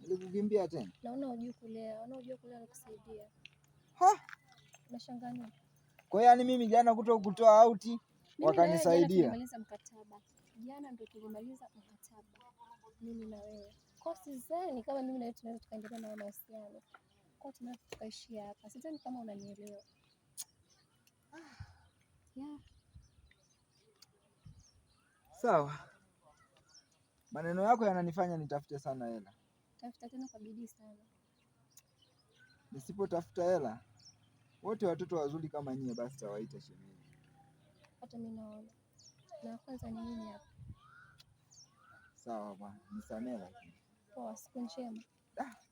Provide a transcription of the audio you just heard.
Nilikukimbia tena. Naona hujui kulea, naona hujui kulea nikusaidia. Ha? Nashangana. Kwa hiyo yani mimi jana kuto kutoa auti wakanisaidia. Jana ndio tulimaliza mkataba. Mimi na wewe. Kwa sidhani kama mimi na wewe tunaweza tukaendelea na mahusiano. Kwa tunaweza tukaishia hapa. Sidhani kama unanielewa. Ah, yeah. Sawa. Maneno yako yananifanya nitafute sana hela. Tafuta tena kwa bidii sana. Nisipotafuta hela, wote watoto wazuri kama nyie basi tawaita shemeji. Hata mimi naona. Na kwanza ni mimi hapa? Sawa bwana, nisamehe lakini. posso, quando Ah,